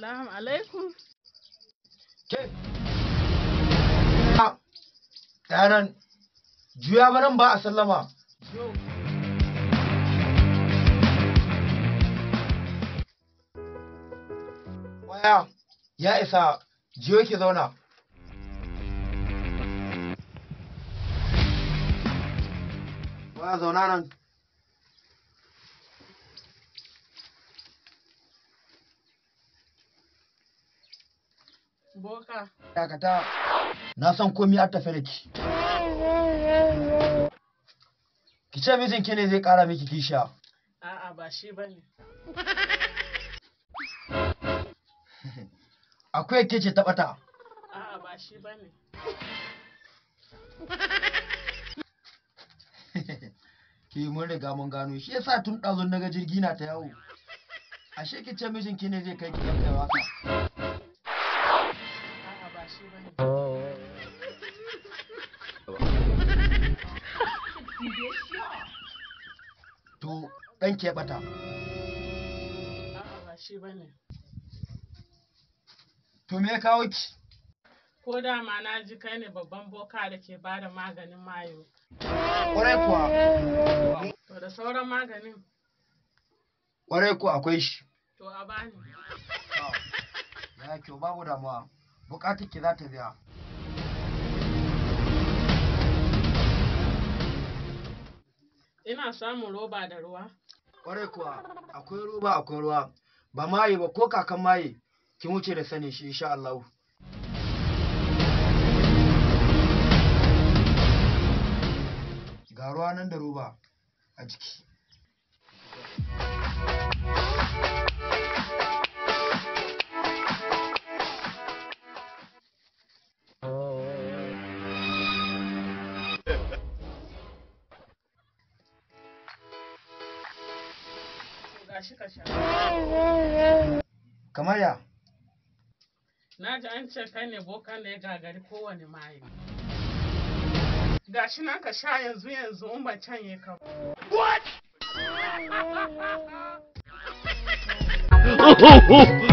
Salamu alaikum. Ɗanan, ah, juya baran ba a sallama. Waya, ya isa, jiyo ki zauna. Waya zauna nan. Boka. Dakata. Na san komai har tafe ki. Ki ce mijinki ne zai ƙara miki kishiya. A'a ba shi ba Akwai ke ce taɓata. A'a ba shi ba Ki eh, mun riga mun gano shi yasa tun ɗazun na ga jirgi na ta yawo. Ashe ki ce mijinki ne zai kai ki kai waka. wato ɗan keɓata. To me ya kawo ki? Ko dama na ji kai ne babban boka da ke bada maganin mayo. Ƙwarai kuwa. To da sauran maganin. Ƙwarai kuwa akwai shi. To a bani. Ya kyau babu damuwa. Bukatar ki za ta biya. Ina samun roba da ruwa? Kware kuwa, akwai roba akwai ruwa, ba maye ba ko kakan maye, kin wuce da sanin shi insha Allah. Ga ruwa nan da roba a jiki. Kamar ya? Na ji an ce kai ne bokan da ya gagari kowane maye. Gashi nan ka sha yanzu yanzu in ban canye ka. What?